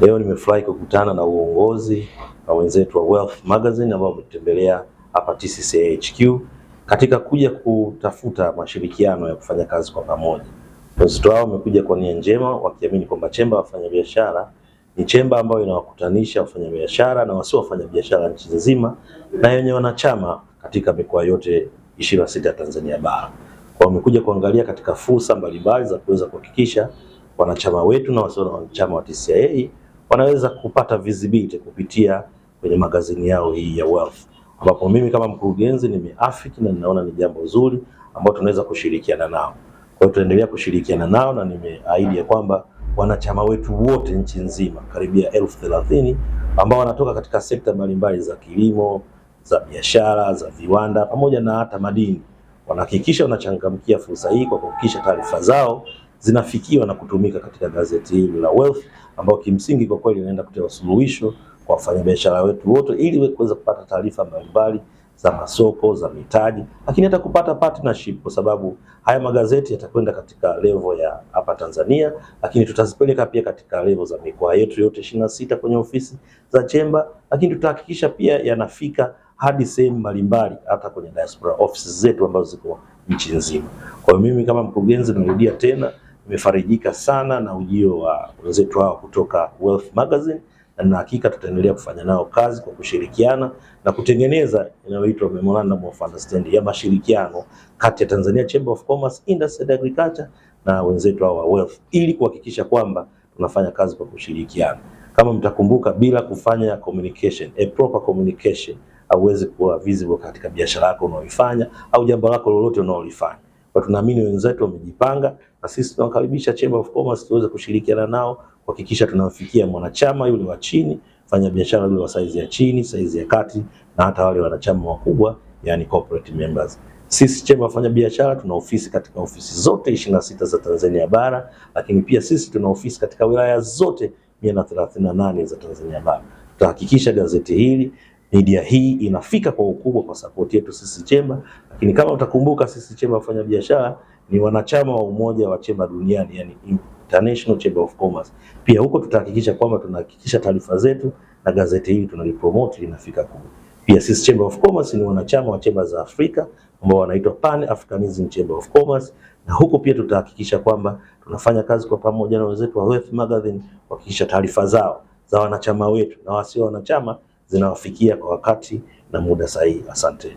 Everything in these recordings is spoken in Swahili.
Leo nimefurahi kukutana na uongozi na wenzetu wa Wealth Magazine ambao wametembelea hapa TCCIA HQ katika kuja kutafuta mashirikiano ya kufanya kazi kwa pamoja. Wenzetu hao wamekuja kwa nia njema, wakiamini kwamba chemba wafanyabiashara ni chemba ambayo inawakutanisha wafanyabiashara na wasio wafanyabiashara nchi nzima na yenye wanachama katika mikoa yote 26 ya Tanzania bara. Kwa wamekuja kuangalia katika fursa mbalimbali za kuweza kuhakikisha wanachama wetu na wasio wanachama wa TCCIA wanaweza kupata visibility kupitia kwenye magazini yao hii ya Wealth, ambapo mimi kama mkurugenzi nimeafiki na ninaona ni jambo zuri ambalo tunaweza kushirikiana nao. Kwa hiyo tunaendelea kushirikiana nao na nimeahidi ya kwamba wanachama wetu wote nchi nzima karibia elfu thelathini ambao wanatoka katika sekta mbalimbali za kilimo, za biashara, za viwanda pamoja na hata madini wanahakikisha wanachangamkia fursa hii kwa kuhakikisha taarifa zao zinafikiwa na kutumika katika gazeti hili la Wealth, ambao kimsingi kwa kweli inaenda kutoa suluhisho kwa wafanyabiashara wetu wote, ili kuweza kupata taarifa mbalimbali za masoko za mitaji, lakini hata kupata partnership, kwa sababu haya magazeti yatakwenda katika level ya hapa Tanzania, lakini tutazipeleka pia katika level za mikoa yetu yote 26 sita kwenye ofisi za chemba, lakini tutahakikisha pia yanafika hadi sehemu mbalimbali hata kwenye diaspora offices zetu ambazo ziko nchi nzima. Kwa hiyo mimi kama mkurugenzi, narudia tena Tumefarijika sana na ujio wa wenzetu hao kutoka Wealth Magazine na na hakika tutaendelea kufanya nao kazi kwa kushirikiana na kutengeneza inayoitwa memorandum of understanding ya mashirikiano kati ya Tanzania Chamber of Commerce, Industry and Agriculture na wenzetu hao wa Wealth ili kuhakikisha kwamba tunafanya kazi kwa kushirikiana. Kama mtakumbuka, bila kufanya communication, a proper communication hauwezi kuwa visible katika biashara yako unaoifanya au jambo lako lolote unaolifanya. Kwa tunaamini wenzetu wamejipanga na sisi tunawakaribisha Chamber of Commerce tuweze kushirikiana nao kuhakikisha tunawafikia mwanachama yule wa chini, fanya biashara yule wa saizi ya chini, saizi ya kati na hata wale wanachama wakubwa, yani corporate members. Sisi Chemba wafanya biashara tuna ofisi katika ofisi zote 26 za Tanzania bara, lakini pia sisi tuna ofisi katika wilaya zote 138 za Tanzania bara. Tutahakikisha gazeti hili, media hii inafika kwa ukubwa kwa support yetu sisi Chemba, lakini kama utakumbuka sisi Chemba wafanya biashara ni wanachama wa umoja wa chemba duniani, yani International Chamber of Commerce. Pia huko tutahakikisha kwamba tunahakikisha taarifa zetu na gazeti hili tunalipromote linafika kule. Pia sisi Chamber of Commerce ni wanachama wa chemba za Afrika ambao wanaitwa Pan Africanism Chamber of Commerce, na huko pia tutahakikisha kwamba tunafanya kazi kwa pamoja na wenzetu wa Wealth Magazine kuhakikisha taarifa zao za wanachama wetu na wasio wanachama zinawafikia kwa wakati na muda sahihi. Asante.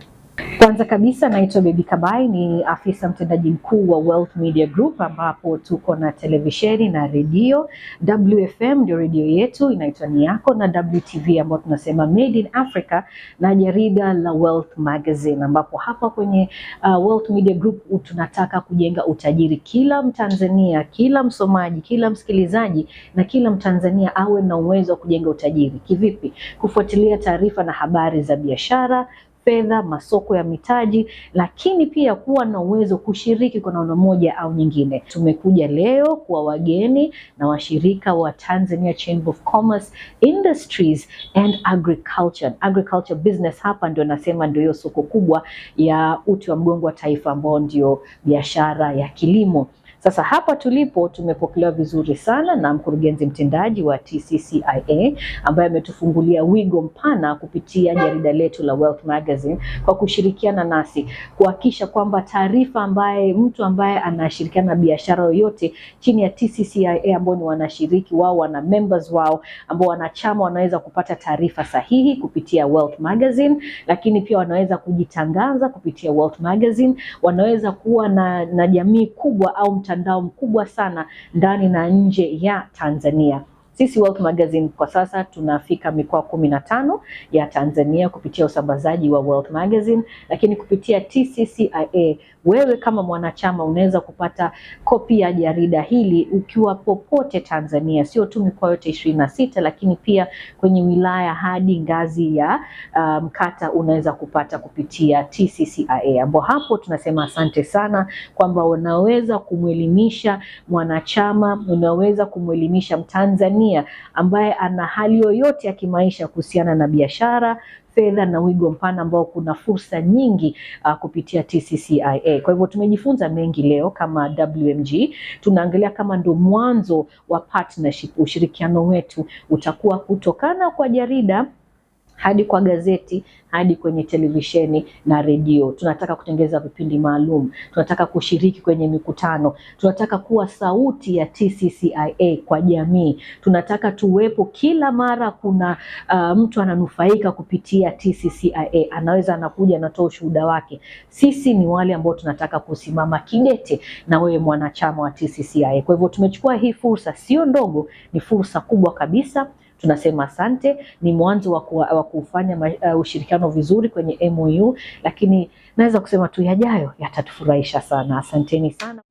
Kwanza kabisa naitwa Baby Kabai, ni afisa mtendaji mkuu wa Wealth Media Group, ambapo tuko na televisheni na redio. WFM ndio redio yetu inaitwa Niyako, na WTV ambayo tunasema Made in Africa, na jarida la Wealth Magazine, ambapo hapa kwenye uh, Wealth Media Group tunataka kujenga utajiri. Kila Mtanzania, kila msomaji, kila msikilizaji na kila Mtanzania awe na uwezo wa kujenga utajiri. Kivipi? Kufuatilia taarifa na habari za biashara fedha, masoko ya mitaji, lakini pia kuwa na uwezo kushiriki kwa namna moja au nyingine. Tumekuja leo kuwa wageni na washirika wa Tanzania Chamber of Commerce, Industries and Agriculture. Agriculture business hapa ndio nasema ndio hiyo soko kubwa ya uti wa mgongo wa taifa ambao ndio biashara ya kilimo. Sasa hapa tulipo tumepokelewa vizuri sana na mkurugenzi mtendaji wa TCCIA ambaye ametufungulia wigo mpana kupitia jarida letu la Wealth Magazine kwa kushirikiana nasi kuhakikisha kwamba taarifa ambaye mtu ambaye anashirikiana na biashara yoyote chini ya TCCIA ambao ni wanashiriki wao wana members wao ambao wanachama wanaweza kupata taarifa sahihi kupitia Wealth Magazine, lakini pia wanaweza kujitangaza kupitia Wealth Magazine, wanaweza kuwa na, na jamii kubwa au mta mtandao mkubwa sana ndani na nje ya Tanzania. Sisi Wealth Magazine kwa sasa tunafika mikoa kumi na tano ya Tanzania kupitia usambazaji wa Wealth Magazine, lakini kupitia TCCIA wewe kama mwanachama unaweza kupata kopi ya jarida hili ukiwa popote Tanzania, sio tu mikoa yote ishirini na sita, lakini pia kwenye wilaya hadi ngazi ya uh, mkata um, unaweza kupata kupitia TCCIA, ambapo hapo tunasema asante sana kwamba unaweza kumwelimisha mwanachama, unaweza kumwelimisha Mtanzania Tanzania ambaye ana hali yoyote ya kimaisha kuhusiana na biashara, fedha na wigo mpana ambao kuna fursa nyingi uh, kupitia TCCIA. Kwa hivyo tumejifunza mengi leo kama WMG, tunaangalia kama ndo mwanzo wa partnership, ushirikiano wetu utakuwa kutokana kwa jarida hadi kwa gazeti hadi kwenye televisheni na redio. Tunataka kutengeza vipindi maalum, tunataka kushiriki kwenye mikutano, tunataka kuwa sauti ya TCCIA kwa jamii. Tunataka tuwepo kila mara kuna uh, mtu ananufaika kupitia TCCIA, anaweza anakuja anatoa ushuhuda wake. Sisi ni wale ambao tunataka kusimama kidete na wewe mwanachama wa TCCIA. Kwa hivyo tumechukua hii fursa, sio ndogo, ni fursa kubwa kabisa tunasema asante. Ni mwanzo wa kufanya uh, ushirikiano vizuri kwenye MOU, lakini naweza kusema tu yajayo yatatufurahisha sana. Asanteni sana.